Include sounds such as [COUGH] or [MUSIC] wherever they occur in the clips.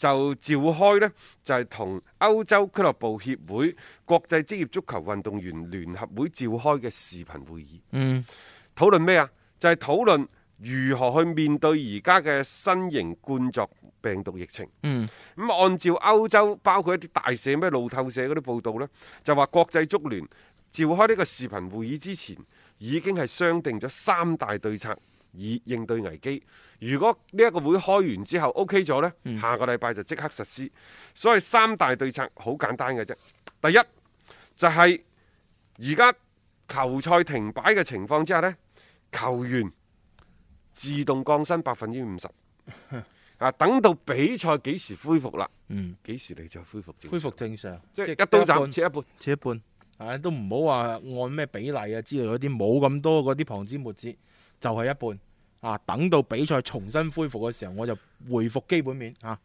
就召開呢，就係、是、同歐洲俱樂部協會、國際職業足球運動員聯合會召開嘅視頻會議，嗯、討論咩啊？就係、是、討論如何去面對而家嘅新型冠狀病毒疫情。嗯，咁按照歐洲包括一啲大社咩路透社嗰啲報道呢，就話國際足聯召開呢個視頻會議之前，已經係商定咗三大對策。以應對危機。如果呢一個會開完之後 OK 咗呢、嗯、下個禮拜就即刻實施。所以三大對策好簡單嘅啫。第一就係而家球賽停擺嘅情況之下呢，球員自動降薪百分之五十。啊，等到比賽幾時恢復啦？嗯，幾時你就恢復正常。恢復正常，即一刀切，切一半，切一半。啊，都唔好話按咩比例啊之類嗰啲，冇咁多嗰啲旁枝末節。就係一半啊！等到比賽重新恢復嘅時候，我就回復基本面啊。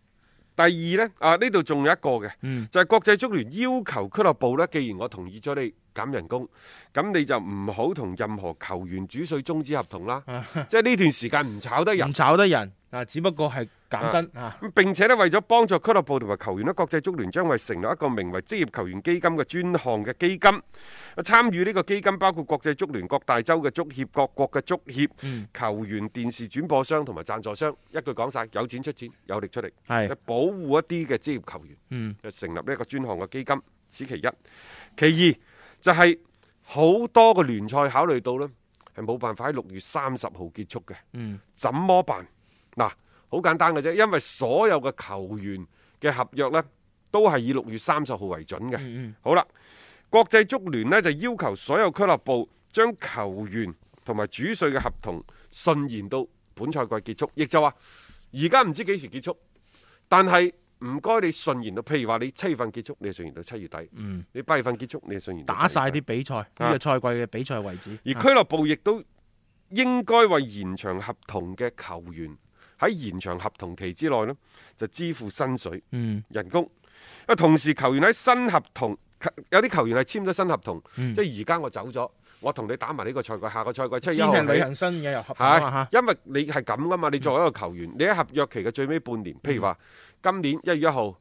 第二呢，啊，呢度仲有一個嘅，嗯、就係國際足聯要求俱樂部呢，既然我同意咗你。減人工咁，你就唔好同任何球員主帥終止合同啦。啊、即係呢段時間唔炒得人，唔炒得人嗱，只不過係減薪吓。啊啊、並且咧，為咗幫助俱樂部同埋球員咧，國際足聯將會成立一個名為職業球員基金嘅專項嘅基金。啊，參與呢個基金包括國際足聯、各大洲嘅足協、各國嘅足協、嗯、球員、電視轉播商同埋贊助商。一句講晒，有錢出錢，有力出力，是保護一啲嘅職業球員。嗯，就成立呢個專項嘅基金，此其一。其二。就係好多個聯賽考慮到呢係冇辦法喺六月三十號結束嘅。嗯，嗯，怎麼辦？嗱，好簡單嘅啫，因為所有嘅球員嘅合約呢都係以六月三十號為準嘅。嗯嗯。好啦，國際足聯呢就要求所有俱樂部將球員同埋主帥嘅合同順延到本賽季結束，亦就話而家唔知幾時結束，但係。唔該，你順延到，譬如話你七月份結束，你係順延到七月底。嗯，你八月份結束，你係順延打晒啲比賽呢、啊、個賽季嘅比賽為止。而俱樂部亦都應該為延長合同嘅球員喺延長合同期之內呢，就支付薪水、嗯，人工。啊，同時球員喺新合同，有啲球員係簽咗新合同，嗯、即係而家我走咗，我同你打埋呢個賽季，下個賽季出，先係履行新嘅、啊、合同，因為你係咁噶嘛，你作為一個球員，嗯、你喺合約期嘅最尾半年，譬如話。今年一月一號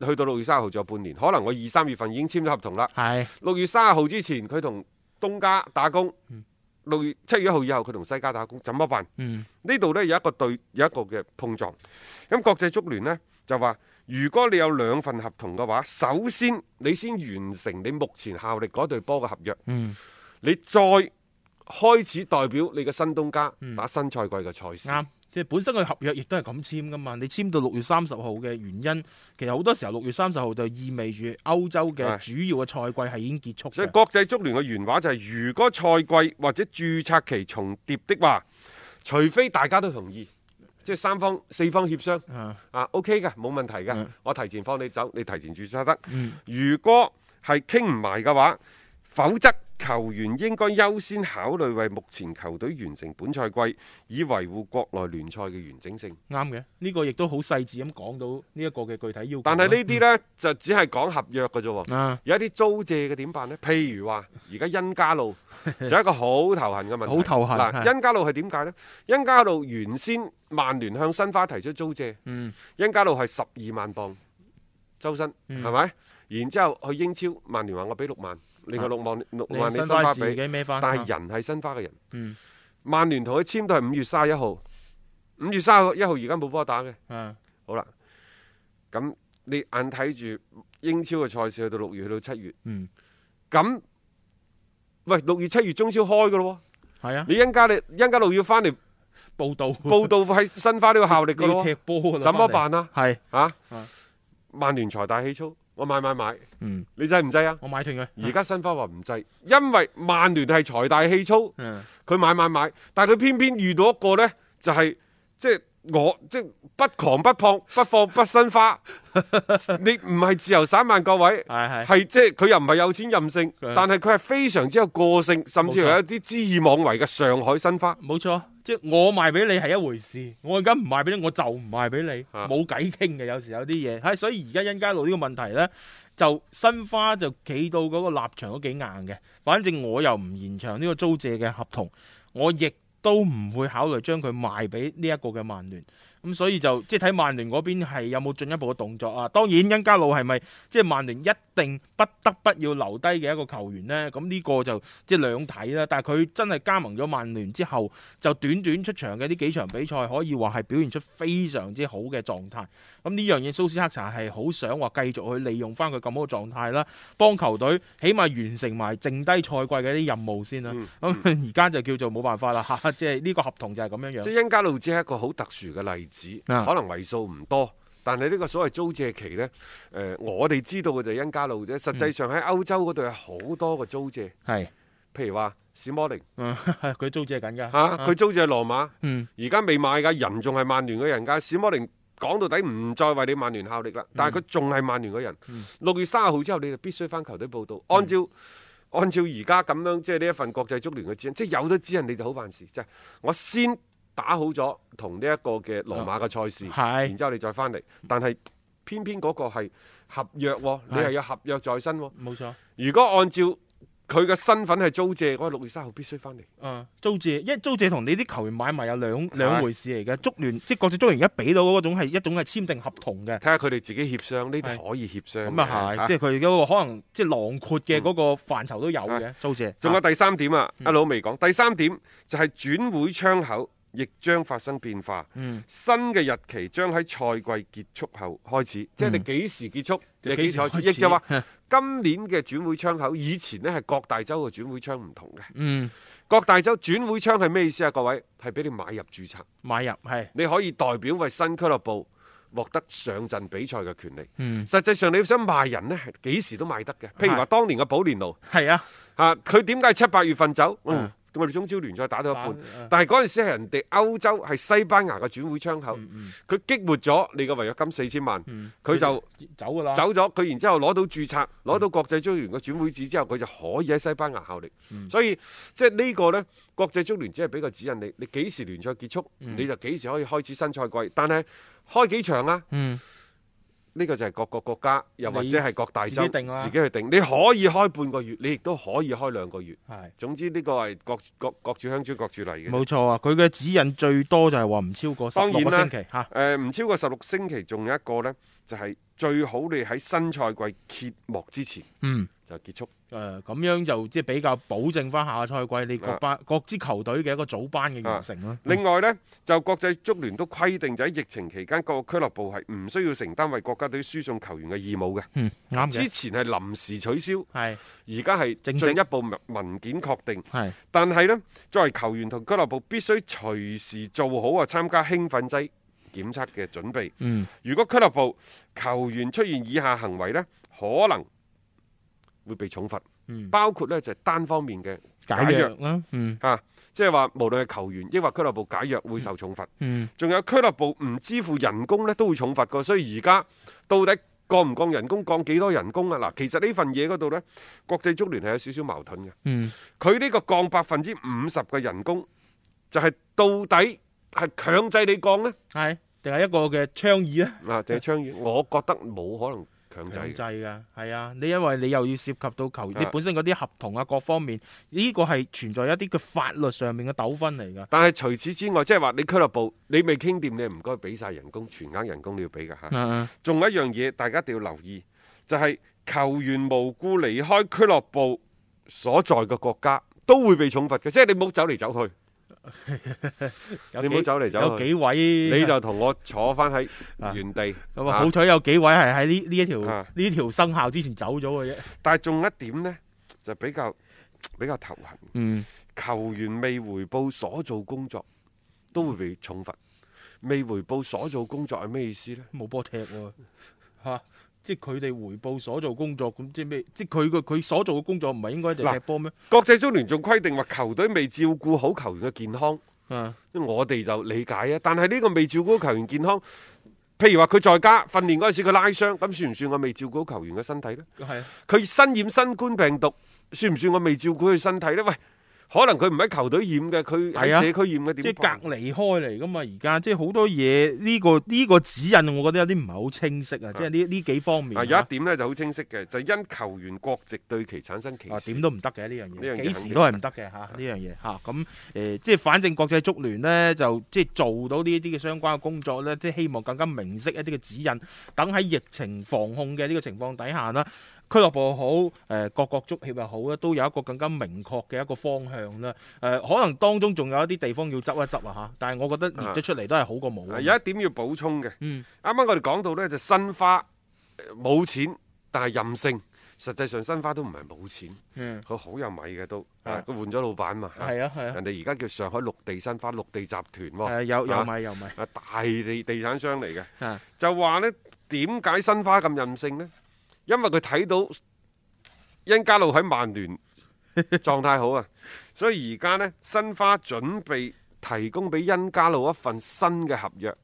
去到六月三十號仲有半年，可能我二三月份已經簽咗合同啦。係六月三十號之前，佢同東家打工；六、嗯、月七月一號以後，佢同西家打工，怎麼辦？嗯，這裏呢度咧有一個對有一個嘅碰撞。咁國際足聯呢，就話，如果你有兩份合同嘅話，首先你先完成你目前效力嗰隊波嘅合約，嗯，你再開始代表你嘅新東家、嗯、打新賽季嘅賽事。即本身嘅合約亦都係咁簽噶嘛，你簽到六月三十號嘅原因，其實好多時候六月三十號就意味住歐洲嘅主要嘅賽季係已經結束的。所以國際足聯嘅原話就係、是，如果賽季或者註冊期重疊的話，除非大家都同意，即係三方四方協商、嗯、啊 OK 嘅，冇問題嘅，嗯、我提前放你走，你提前註冊得。如果係傾唔埋嘅話，否則。球員應該優先考慮為目前球隊完成本賽季，以維護國內聯賽嘅完整性。啱嘅，呢個亦都好細緻咁講到呢一個嘅具體要求。但係呢啲呢，嗯、就只係講合約嘅啫，有、啊、一啲租借嘅點辦呢？譬如話而家恩加路就係一個好頭痕嘅問題。好 [LAUGHS] 頭痕恨。嗱，恩加路係點解呢？恩加路原先曼聯向申花提出租借，恩加、嗯、路係十二萬鎊周薪，係咪、嗯？然之後去英超，曼聯話我俾六萬。另外六萬六萬年新花俾，但係人係申花嘅人。嗯萬聯簽，曼聯同佢簽都係五月卅一號，五月卅一號而家冇波打嘅。嗯，好啦，咁你眼睇住英超嘅賽事去到六月去到七月。月嗯，咁喂，六月七月中超開噶咯喎。係是啊，你恩家利恩加翻嚟報道， [LAUGHS] 報道喺申花呢個效力要踢波、啊、怎麼辦啊？係是啊，啊，曼聯財大氣粗。我買買買，嗯，你制唔制啊？我買斷佢，而、嗯、家新花話唔制，因為曼聯係財大氣粗，嗯，佢買買買，但係佢偏偏遇到一個咧、就是，就係即係。我即、就係、不狂不放不放不申花， [LAUGHS] 你唔係自由散漫，各位係係，係即佢又唔係有錢任性，是是但係佢係非常之有個性，甚至是有一啲恣意妄為嘅上海申花。冇錯，冇錯，即我賣俾你係一回事，我而家唔賣俾你，我就唔賣俾你，冇計傾嘅。有時有啲嘢，所以而家恩嘉路呢個問題呢，就申花就企到嗰個立場都幾硬嘅。反正我又唔延長呢個租借嘅合同，我亦。都唔會考慮將佢賣俾呢一個嘅曼聯。咁所以就即係睇曼聯嗰邊係有冇進一步嘅動作啊？當然恩加路係咪即係曼聯一定不得不要留低嘅一個球員咧？咁呢個就即係兩睇啦。但係佢真係加盟咗曼聯之後就短短出場嘅呢幾場比賽可以話係表現出非常之好嘅狀態，咁呢樣嘢蘇斯克查係好想話繼續去利用翻佢咁好嘅狀態啦，幫球隊起碼完成埋剩低賽季嘅啲任務先啦。咁而家就叫做冇辦法啦，即係呢個合同就係咁樣樣，即係恩加路只係一個好特殊嘅例子。啊、可能為數唔多，但係呢個所謂租借期呢，誒、呃，我哋知道嘅就係恩加路啫。實際上喺歐洲嗰度有好多個租借，係、嗯、譬如話史摩寧，佢、啊、租借緊噶，吓、啊，佢租借羅馬，而家未買噶，人仲係曼聯嘅人噶。史摩寧講到底唔再為你曼聯效力啦，但係佢仲係曼聯嘅人。六、嗯嗯、月三十號之後，你就必須翻球隊報道。按照、嗯、按照而家咁樣，即係呢一份國際足聯嘅指引，即係有咗指引你就好辦事。即、就、係、是、我先。打好咗同呢一個嘅羅馬嘅賽事，然之後你再翻嚟，但係偏偏嗰個係合約，你係有合約在身。冇錯，如果按照佢嘅身份係租借，我六月三號必須翻嚟。嗯，租借，因為租借同你啲球員買賣有兩兩回事嚟嘅。足聯即係國際足聯，而家俾到嗰種係一種係簽訂合同嘅。睇下佢哋自己協商，呢啲可以協商。咁啊係，即係佢嗰個可能即係囊括嘅嗰個範疇都有嘅租借。仲有第三點啊，阿老未講。第三點就係轉會窗口。亦將發生變化。嗯、新嘅日期將喺賽季結束後開始，嗯、即係你幾時結束？幾時開始？亦就話今年嘅轉會窗口，以前呢係各大洲嘅轉會窗唔同嘅。嗯，各大洲轉會窗係咩意思啊？各位係俾你買入註冊，買入係你可以代表為新俱樂部獲得上陣比賽嘅權利。嗯，實際上你想賣人呢，幾時都賣得嘅。譬如話當年嘅保連路，係啊，啊佢點解七八月份走？嗯。嗯我哋中超聯賽打到一半，但係嗰陣時係人哋歐洲係西班牙嘅轉會窗口，佢激活咗你嘅違約金四千萬，佢、嗯、就走㗎啦，走咗佢，然之後攞到註冊，攞到國際足聯嘅轉會紙之後，佢就可以喺西班牙效力。嗯、所以即係呢個呢，國際足聯只係俾個指引你，你幾時聯賽結束，你就幾時可以開始新賽季，但係開幾場啊？嗯呢個就係各個國家，又或者係各大洲自，自己去定。你可以開半個月，你亦都可以開兩個月。係的，總之呢個係各各各處鄉村、各處例嘅。冇錯啊，佢嘅指引最多就係話唔超過十六個星期嚇。誒，唔超過十六星期，仲、啊呃、有一個呢。就係最好你喺新賽季揭幕之前，就結束。誒、嗯，咁樣就即係比較保證翻下個賽季你各班、啊、各支球隊嘅一個組班嘅完成咯、啊。另外呢，就國際足聯都規定就喺疫情期間，各個俱樂部係唔需要承擔為國家隊輸送球員嘅義務嘅。嗯，之前係臨時取消，係而家係進一步文件確定。係正，但係呢，作為球員同俱樂部必須隨時做好啊參加興奮劑。檢測嘅準備，如果俱樂部球員出現以下行為咧，可能會被重罰，包括咧就係單方面嘅解約啦，吓，即係話無論係球員抑或俱樂部解約會受重罰，仲、嗯嗯、有俱樂部唔支付人工咧都會重罰噶，所以而家到底降唔降人工，降幾多人工啊？嗱，其實呢份嘢，嗰度咧，國際足聯係有少少矛盾嘅，佢呢、嗯、個降百分之五十嘅人工，就係到底係強制你降呢？係。定係一個嘅倡議嗱，就係、啊、倡議，我覺得冇可能強制的強制嘅。係啊，你因為你又要涉及到球員，你本身嗰啲合同啊，各方面，呢個係存在一啲嘅法律上面嘅糾紛嚟嘅。但係除此之外，即係話你俱樂部你未傾掂，你唔該俾晒人工，全額人工你要俾嘅吓。仲、啊啊、有一樣嘢，大家一定要留意，就係、是、球員無故離開俱樂部所在嘅國家，都會被重罰嘅。即、就、係、是、你冇走嚟走去。 [LAUGHS] 有幾你唔好走嚟走去，有幾位你就同我坐翻喺原地。咁啊，啊好彩有幾位係喺呢呢一條呢條生效之前走咗嘅啫。但係仲一點呢，就比較比較頭痕。嗯，球員未回報所做工作，都會被重罰。未回報所做工作係咩意思呢？冇波踢喎，吓、啊。即係佢哋回報所做工作咁，即係咩？即係佢個佢所做嘅工作唔係應該就踢波咩？國際足聯仲規定話球隊未照顧好球員嘅健康，嗯，我哋就理解啊。但係呢個未照顧好球員健康，譬如話佢在家訓練嗰陣時佢拉傷，咁算唔算我未照顧好球員嘅身體咧？係啊，佢身染新冠病毒，算唔算我未照顧佢身體咧？喂！可能佢唔喺球隊染嘅，佢喺社區染嘅點？即係隔離開嚟噶嘛？而家即係好多嘢呢個呢、呢個指引，我覺得有啲唔係好清晰啊！即係呢呢幾方面、啊、有一點咧、啊、就好清晰嘅，就因球員國籍對其產生歧視，點、啊、都唔得嘅呢樣嘢，幾時都係唔得嘅吓呢樣嘢吓。咁、啊、誒、啊啊呃，即係反正國際足聯呢，就即係做到呢啲嘅相關嘅工作呢，即係希望更加明晰一啲嘅指引，等喺疫情防控嘅呢個情況底下啦。俱樂部好，誒各國足協又好咧，都有一個更加明確嘅一個方向啦。誒、呃，可能當中仲有一啲地方要執一執啊嚇，但係我覺得列咗出嚟都係好過冇、啊。有一點要補充嘅，啱啱、嗯、我哋講到咧就是、申花冇錢，但係任性。實際上申花都唔係冇錢，佢好、嗯、有米嘅都。佢、啊、換咗老闆嘛，係啊係啊。是啊人哋而家叫上海綠地申花綠地集團、啊、有有米、啊、有米，有米大地地產商嚟嘅。啊、就話咧點解申花咁任性呢？因為佢睇到恩加路喺曼聯狀態好啊，所以而家呢，申花準備提供俾恩加路一份新嘅合約，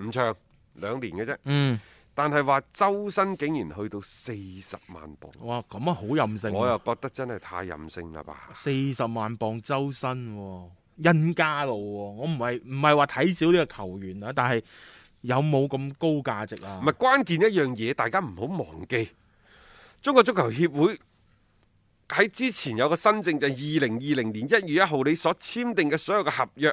唔長兩年嘅啫。嗯，但係話周薪竟然去到四十萬磅。哇，咁啊好任性、啊！我又覺得真係太任性啦吧？四十萬磅周薪恩、啊、加路、啊，我唔係唔係話睇少呢個球員啊，但係有冇咁高價值啊？唔係關鍵一樣嘢，大家唔好忘記。中國足球協會喺之前有一個新政，就係二零二零年一月一號，你所簽訂嘅所有嘅合約，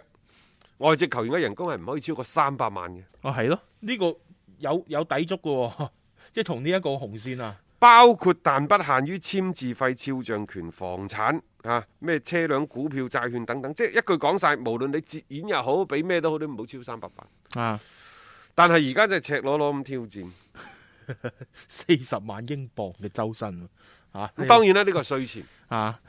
外籍球員嘅人工係唔可以超過三百萬嘅。啊這個、的哦，係咯，呢個有有抵觸嘅，即係同呢一個紅線啊。包括但不限於簽字費、肖像權、房產啊，咩車輛、股票、債券等等，即係一句講晒，無論你折現又好，俾咩都好，都唔好超三百萬。啊！但係而家就係赤裸裸咁挑戰。 [LAUGHS] 四十 [LAUGHS] 萬英鎊嘅周薪，啊，咁當然啦，呢個稅前啊，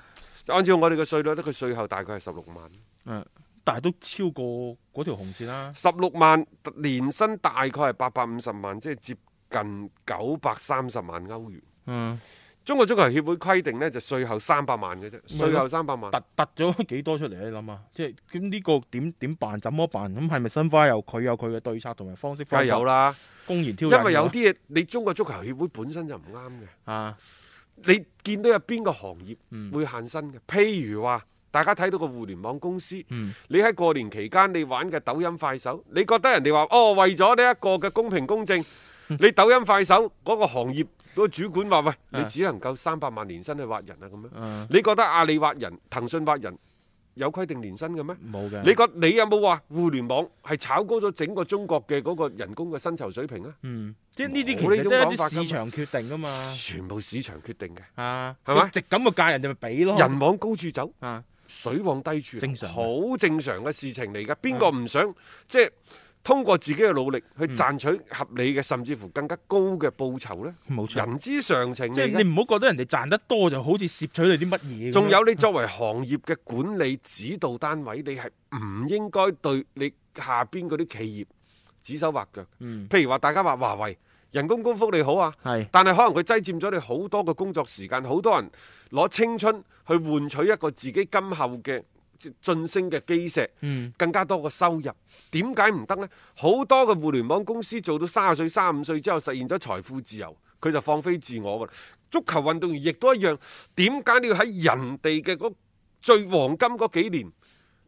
稅前啊，按照我哋嘅稅率，得個稅後大概係十六萬，嗯、啊，但係都超過嗰條紅線啦、啊。十六萬年薪大概係八百五十萬，即係接近九百三十萬歐元，嗯、啊。中國足球協會規定咧就稅、是、後三百萬嘅啫，稅後三百萬，突突咗幾多出嚟你諗下，即係咁呢個點點辦？怎麼辦？咁係咪申花有佢有佢嘅對策同埋方式？梗有啦，公然挑釁。因為有啲嘢，你中國足球協會本身就唔啱嘅。啊，你見到有邊個行業會限薪嘅？譬、嗯、如話，大家睇到個互聯網公司，嗯、你喺過年期間你玩嘅抖音快手，你覺得人哋話哦，為咗呢一個嘅公平公正，你抖音快手嗰、嗯、個行業？個主管話：喂，你只能夠三百萬年薪去挖人啊！咁樣，你覺得阿里挖人、騰訊挖人有規定年薪嘅咩？冇嘅。你覺你有冇話互聯網係炒高咗整個中國嘅嗰個人工嘅薪酬水平啊？嗯，即係呢啲其實都係啲市場決定㗎嘛。全部市場決定嘅啊，係咪值咁嘅價，人就咪俾咯。人往高處走，水往低處，正常，好正常嘅事情嚟㗎。邊個唔想即係？通過自己嘅努力去賺取合理嘅，嗯、甚至乎更加高嘅報酬呢，錯人之常情。即係你唔好覺得人哋賺得多，就好似攝取你啲乜嘢。仲有你作為行業嘅管理指導單位， [LAUGHS] 你係唔應該對你下邊嗰啲企業指手畫腳。嗯、譬如話大家話華為人工高福利好啊，是但係可能佢擠佔咗你好多嘅工作時間，好多人攞青春去換取一個自己今後嘅。晉升嘅基石，嗯，更加多嘅收入，點解唔得呢？好多嘅互聯網公司做到三十歲、三十五歲之後，實現咗財富自由，佢就放飛自我噶。足球運動員亦都一樣，點解你要喺人哋嘅最黃金嗰幾年，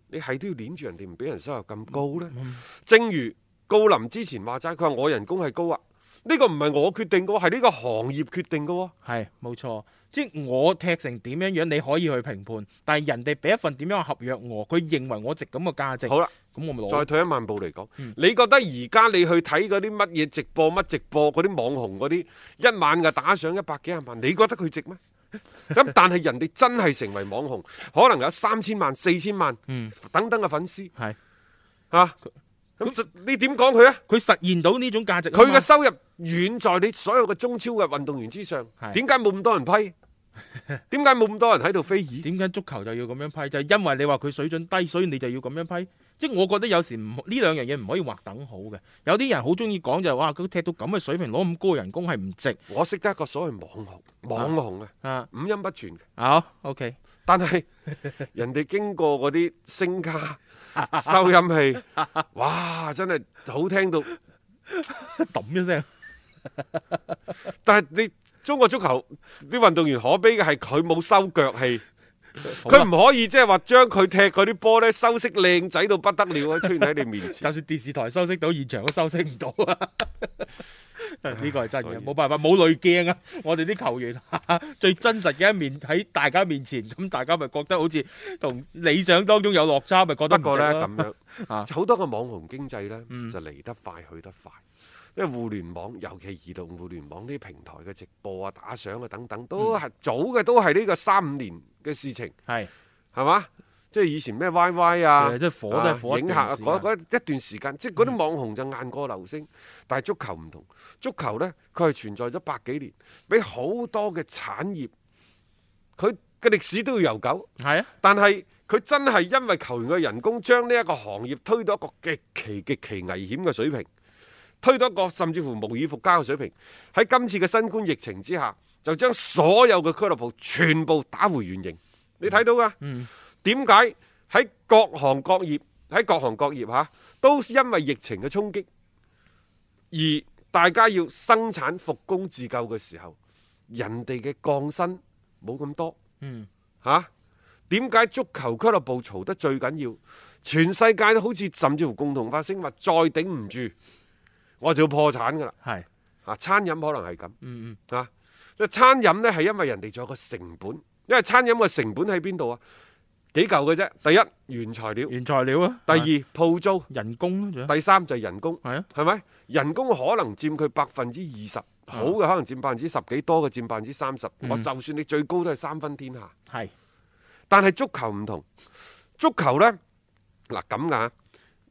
你係都要黏住人哋，唔俾人收入咁高呢？嗯，正如高林之前話齋，佢話我人工係高啊，呢個唔係我決定嘅，係呢個行業決定嘅。係冇錯。即我踢成點樣樣，你可以去評判，但係人哋俾一份點樣嘅合約我，佢認為我值咁嘅價值。好啦了，咁我再退一萬步嚟講，嗯、你覺得而家你去睇嗰啲乜嘢直播、乜直播嗰啲網紅嗰啲，一晚嘅打上一百幾廿萬，你覺得佢值咩？咁但係人哋真係成為網紅， [LAUGHS] 可能有三千萬、四千萬等等嘅粉絲，係、嗯、啊，咁你點講佢啊？佢實現到呢種價值，佢嘅收入遠在你所有嘅中超嘅運動員之上，點解冇咁多人批？點解冇咁多人喺度非議？點解足球就要咁樣批？就係因為你話佢水準低，所以你就要咁樣批。即係我覺得有時唔，呢兩樣嘢唔可以劃等號嘅。有啲人好中意講就係話，佢踢到咁嘅水平，攞咁高人工係唔值。我識得一個所謂網紅，網紅嘅啊，五音不全嘅，好 OK。但係人哋經過嗰啲聲卡、收音器，哇，真係好聽到抌一聲。但係你。中國足球啲運動員可悲嘅係佢冇收腳氣，佢唔、啊、可以即係話將佢踢嗰啲波咧修飾靚仔到不得了啊！出現喺你面前， [LAUGHS] 就算電視台修飾到現場都修飾唔到啊！呢個係真嘅，冇 [LAUGHS] 以辦法，冇濾鏡啊！我哋啲球員 [LAUGHS] 最真實嘅一面喺大家面前，咁 [LAUGHS] 大家咪覺得好似同理想當中有落差，咪覺得不過咧咁 [LAUGHS] 樣好、啊、多個網紅經濟呢，嗯、就嚟得快去得快。因為互聯網，尤其移動互聯網呢啲平台嘅直播啊、打賞啊等等，都係、嗯、早嘅，都係呢個三五年嘅事情，係係嘛？即係以前咩 Y Y 啊，即係火都係火、啊、客一段時。啊、一段時間，即係嗰啲網紅就雁過流星、嗯、但係足球唔同，足球呢佢係存在咗百幾年，比好多嘅產業，佢嘅歷史都要悠久。係啊，但係佢真係因為球員嘅人工，將呢一個行業推到一個極其極其危險嘅水平。推到一個甚至乎無以復加嘅水平，喺今次嘅新冠疫情之下，就將所有嘅俱樂部全部打回原形。你睇到㗎？點解喺各行各業喺各行各業嚇、啊、都是因為疫情嘅衝擊而大家要生產復工自救嘅時候，人哋嘅降薪冇咁多嚇？啊、點解足球俱樂部嘈得最緊要？全世界都好似甚至乎共同發聲，話再頂唔住。我就要破產噶啦，係啊，餐飲可能係咁，嗯嗯，啊，即係餐飲呢係因為人哋仲有一個成本，因為餐飲個成本喺邊度啊？幾嚿嘅啫，第一原材料，原材料啊，第二鋪是租，人工、啊、第三就係人工，係咪、啊？人工可能占佢百分之二十，好嘅可能占百分之十幾，多嘅占百分之三十。嗯、我就算你最高都係三分天下，係是，但係足球唔同，足球呢？嗱咁噶，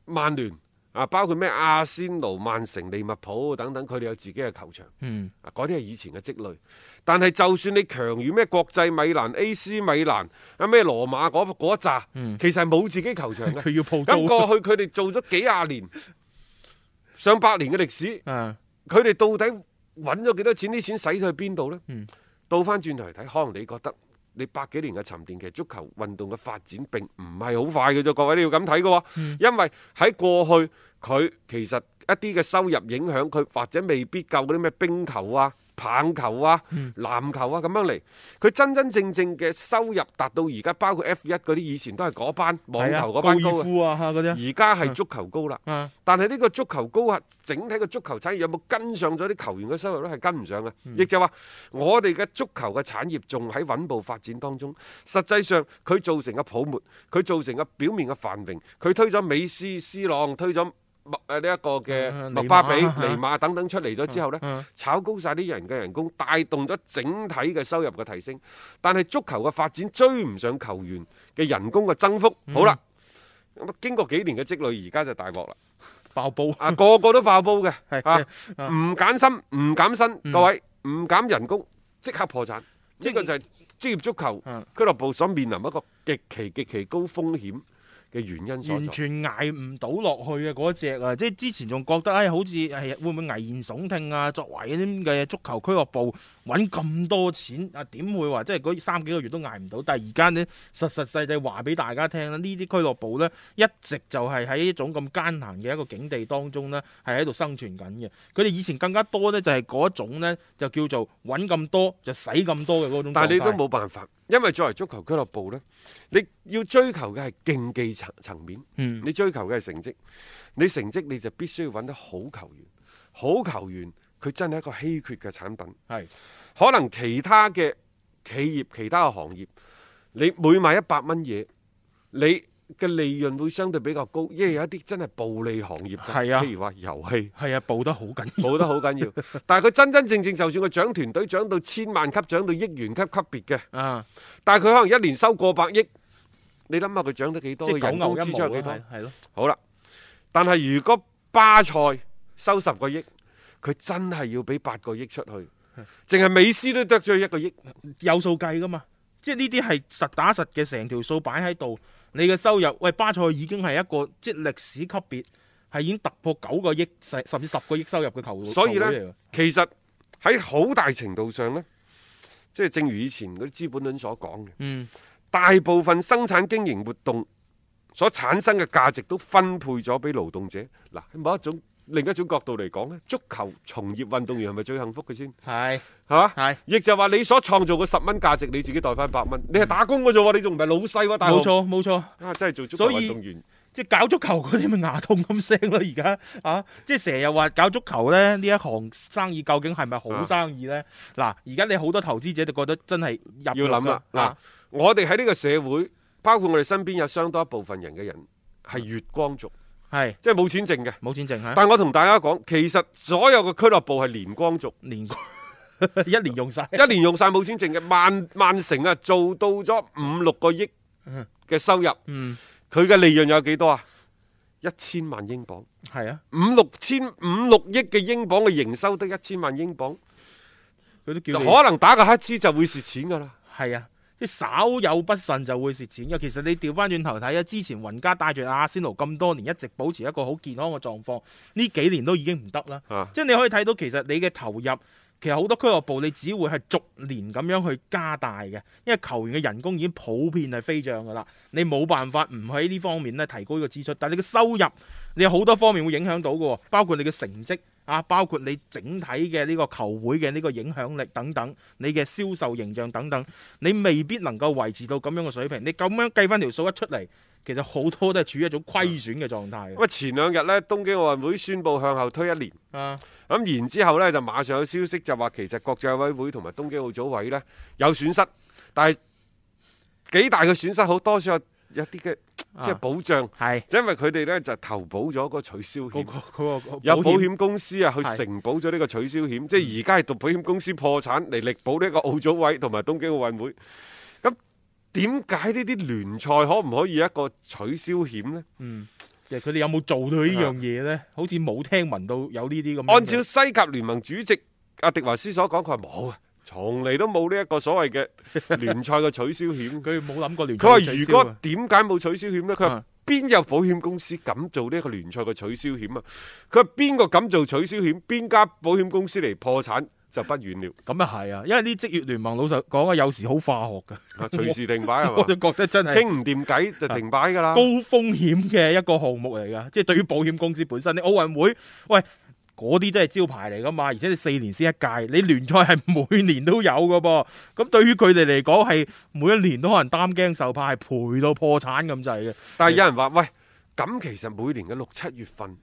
曼聯、啊。啊，包括咩阿仙奴、曼城、利物浦等等，佢哋有自己嘅球場。嗯，啊，嗰啲係以前嘅積累。但係就算你強於咩國際米蘭 A. C. 米蘭阿咩羅馬嗰一紮，嗯、其實係冇自己球場的，嘅。佢要鋪租。咁過去佢哋做咗幾廿年、 [LAUGHS] 上百年嘅歷史。佢哋、啊、到底揾咗幾多錢？啲錢使咗去邊度咧？倒翻轉頭嚟睇，可能你覺得。你百幾年嘅沉澱，其實足球運動嘅發展並唔係好快嘅啫，各位你要咁睇嘅喎，因為喺過去佢其實一啲嘅收入影響佢，或者未必夠嗰啲咩冰球啊。棒球啊、籃球啊咁樣嚟，佢真真正正嘅收入達到而家包括 F1 嗰啲以前都係嗰班網球嗰班高啊，而家係足球高啦。但係呢個足球高啊，整體個足球產業有冇跟上咗啲球員嘅收入？都係跟唔上嘅。亦就話我哋嘅足球嘅產業仲喺穩步發展當中。實際上佢造成嘅泡沫，佢造成嘅表面嘅繁榮，佢推咗美斯、C 朗，推咗。麥誒呢一個嘅麥巴比、尼馬等等出嚟咗之後呢，炒高曬啲人嘅人工，帶動咗整體嘅收入嘅提升。但係足球嘅發展追唔上球員嘅人工嘅增幅。好啦，咁啊經過幾年嘅積累，而家就大鑊啦，爆煲啊，個個都爆煲嘅，嚇唔減薪唔減薪，各位唔減人工即刻破產。呢個就係職業足球俱樂部所面臨一個極其極其高風險。嘅原因，完全捱唔到落去嘅嗰隻啊！即之前仲覺得，哎、好似係會唔會危言聳聽啊？作為一啲嘅足球俱樂部揾咁多錢啊，點會話即係嗰三幾個月都捱唔到？但係而家呢，實實際際話俾大家聽啦，呢啲俱樂部呢，一直就係喺一種咁艱難嘅一個境地當中呢，係喺度生存緊嘅。佢哋以前更加多呢，就係嗰一種呢，就叫做揾咁多就使咁多嘅嗰種。但係你都冇辦法，因為作為足球俱樂部呢，你要追求嘅係競技層面，你追求嘅係成績，你成績你就必須要揾得好球員，好球員佢真係一個稀缺嘅產品，係是可能其他嘅企業、其他嘅行業，你每賣一百蚊嘢，你嘅利潤會相對比較高，因為有一啲真係暴利行業，係啊，譬如話遊戲，係啊，暴得好緊，暴得好緊要，但係佢真真正正就算佢漲團隊漲到千萬級，漲到億元級級別嘅，啊，但係佢可能一年收過百億。你諗下佢漲得幾多？即係九牛人工支出幾多？係咯，好啦。但係如果巴塞收十個億，佢真係要俾八個億出去，淨係的美斯都得咗一個億，有數計噶嘛？即係呢啲係實打實嘅，成條數擺喺度。你嘅收入，喂，巴塞已經係一個即係歷史級別，係已經突破九個億，甚至十個億收入嘅球隊。所以咧，其實喺好大程度上咧，即係正如以前嗰啲資本論所講嘅。嗯。大部分生產經營活動所產生嘅價值都分配咗俾勞動者。嗱，喺某一種，另一種角度嚟講咧，足球從業運動員係咪最幸福嘅先？係，嚇，係。亦就話你所創造嘅十蚊價值，你自己袋返百蚊。你係打工嘅啫喎，你仲唔係老細喎？大佬，冇錯冇錯，啊，真係做足球運動員。即係搞足球嗰啲咪牙痛咁聲咯、啊，而家啊，即係成日又話搞足球咧，呢一行生意究竟係咪好生意咧？嗱、啊，而家你好多投資者就覺得真係入了要諗啦、啊。嗱、啊，我哋喺呢個社會，包括我哋身邊有相當一部分人嘅人係月光族，係是即係冇錢剩嘅，冇錢剩嚇。但係我同大家講，其實所有嘅俱樂部係年光族，年連 [LAUGHS] 一年用晒，一年用晒冇錢剩嘅。曼曼城啊，做到咗五六個億嘅收入。嗯佢嘅利潤有幾多啊？一千萬英鎊。係啊，五五六千五六億嘅英鎊嘅營收得一千萬英鎊，佢都叫。可能打個乞嗤就會蝕錢噶啦。係啊，啲稍有不慎就會蝕錢嘅。其實你調翻轉頭睇啊，之前雲家帶住阿仙奴咁多年一直保持一個好健康嘅狀況，呢幾年都已經唔得啦。啊，即係你可以睇到其實你嘅投入。其實好多俱樂部你只會係逐年咁樣去加大嘅，因為球員嘅人工已經普遍係飛漲噶啦，你冇辦法唔喺呢方面咧提高呢個支出，但係你嘅收入你有好多方面會影響到㗎，包括你嘅成績啊，包括你整體嘅呢個球會嘅呢個影響力等等，你嘅銷售形象等等，你未必能夠維持到咁樣嘅水平，你咁樣計翻條數一出嚟。其實好多都係處於一種虧損嘅狀態。咁前兩日呢，東京奧運會宣布向後推一年。啊，咁然之後呢，就馬上有消息就話，其實國際奧委會同埋東京奧組委呢有損失，但係幾大嘅損失好多數有啲嘅即係保障。係是，因為佢哋呢就投保咗個取消險，嗰個有保險公司啊，去承保咗呢個取消險，是即係而家係讀保險公司破產嚟力保呢個奧組委同埋東京奧運會。點解呢啲聯賽可唔可以一個取消險呢？嗯，其實佢哋有冇做到呢樣嘢呢？啊、好似冇聽聞到有這些東西呢啲咁。按照西甲聯盟主席阿迪華斯所講，佢話冇啊，從嚟都冇呢一個所謂嘅聯賽嘅取消險。佢冇諗過聯賽。佢話如果點解冇取消險呢？佢話邊有保險公司敢做呢個聯賽嘅取消險啊？佢話邊個敢做取消險？邊家保險公司嚟破產？就不遠了。咁啊係啊，因為啲職業聯盟老實講啊，有時好化學噶，隨時停擺係嘛？我就覺得真係傾唔掂偈就停擺㗎啦。高風險嘅一個項目嚟㗎，即係對於保險公司本身，啲奧運會，喂，嗰啲真係招牌嚟㗎嘛，而且你四年先一屆，你聯賽係每年都有㗎噃。咁對於佢哋嚟講係每一年都可能擔驚受怕，係賠到破產咁滯嘅。但係有人話，的喂，咁其實每年嘅六七月份。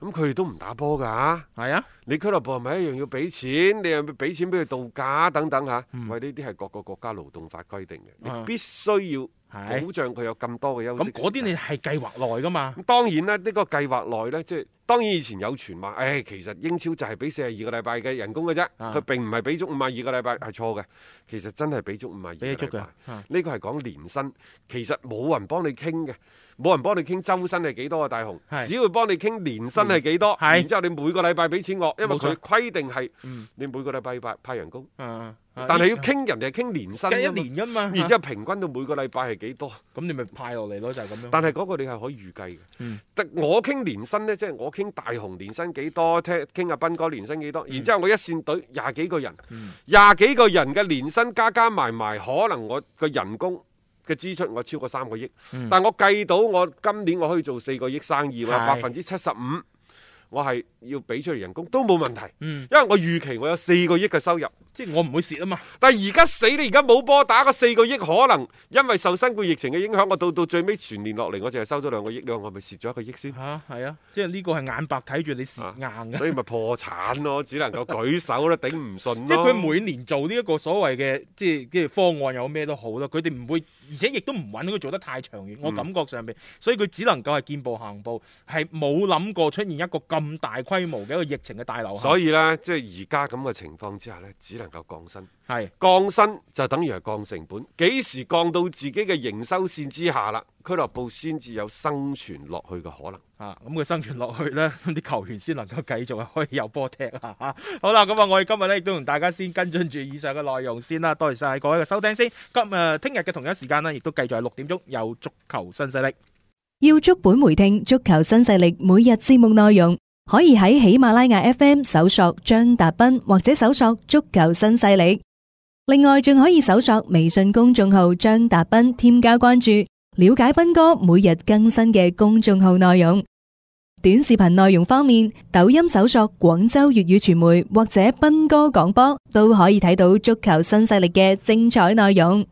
咁佢哋都唔打波噶，係啊！啊你俱樂部係咪一樣要俾錢？你係咪俾錢俾佢度假等等吓、啊？喂、嗯，呢啲係各個國家勞動法規定嘅，啊、你必須要保障佢有咁多嘅休息時間。咁嗰啲你係計劃內噶嘛？咁當然啦，呢、這個計劃內咧，即、就、係、是、當然以前有傳聞，唉、哎，其實英超就係俾四十二個禮拜嘅人工嘅啫，佢、啊、並唔係俾足五十二個禮拜係錯嘅，其實真係俾足五十二個禮拜。足嘅，呢、啊、個係講年薪，其實冇人幫你傾嘅。冇人幫你傾周薪係幾多啊，大雄，是只會幫你傾年薪係幾多，是然之後你每個禮拜俾錢我，是因為佢規定係，你每個禮拜派派人工，錯但係要傾人哋係傾年薪，一年噶嘛，然之後平均到每個禮拜係幾多，咁你咪派落嚟咯，就係咁樣。但係嗰個你係可以預計嘅，嗯、我傾年薪呢，即、就、係、是、我傾大雄年薪幾多，聽傾阿斌哥年薪幾多，然之後我一線隊廿幾個人，廿、嗯、幾個人嘅年薪加加埋埋，可能我個人工。嘅支出我超過三個億，嗯、但我計到我今年我可以做四個億生意，我係百分之七十五，我係要俾出嚟人工都冇問題。嗯，因為我預期我有四個億嘅收入，即係我唔會蝕啊嘛。但係而家死你而家冇波打個四個億，可能因為受新冠疫情嘅影響，我到到最尾全年落嚟，我淨係收咗兩個億，咁我係咪蝕咗一個億先？嚇係啊，即係呢個係眼白睇住你蝕硬嘅，啊，所以咪破產咯， [LAUGHS] 只能夠舉手啦，頂唔順。即係佢每年做呢一個所謂嘅即係嘅方案有咩都好啦，佢哋唔會。而且亦都唔允許佢做得太長遠，我感覺上面，嗯、所以佢只能夠係見步行步，係冇諗過，出現一個咁大規模嘅一個疫情嘅大流行。所以咧，即係而家咁嘅情況之下咧，只能夠降薪。係是 降薪就等於係降成本，幾時降到自己嘅營收線之下啦？俱樂部先至有生存落去嘅可能，啊！咁佢生存落去咧，啲球員先能夠繼續可以有波踢啊！好啦，咁啊，我哋今日咧亦都同大家先跟進住以上嘅內容先啦，多謝晒，各位嘅收聽先。今日，聽日嘅同一時間咧，亦都繼續係六點鐘有足球新勢力。要足本回聽足球新勢力每日節目內容，可以喺喜馬拉雅 FM 搜索張達斌，或者搜索足球新勢力。另外，仲可以搜索微信公眾號張達斌，添加關注。了解斌哥每日更新嘅公眾號內容，短視頻內容方面，抖音搜索廣州粵語傳媒或者斌哥廣播都可以睇到足球新勢力嘅精彩內容。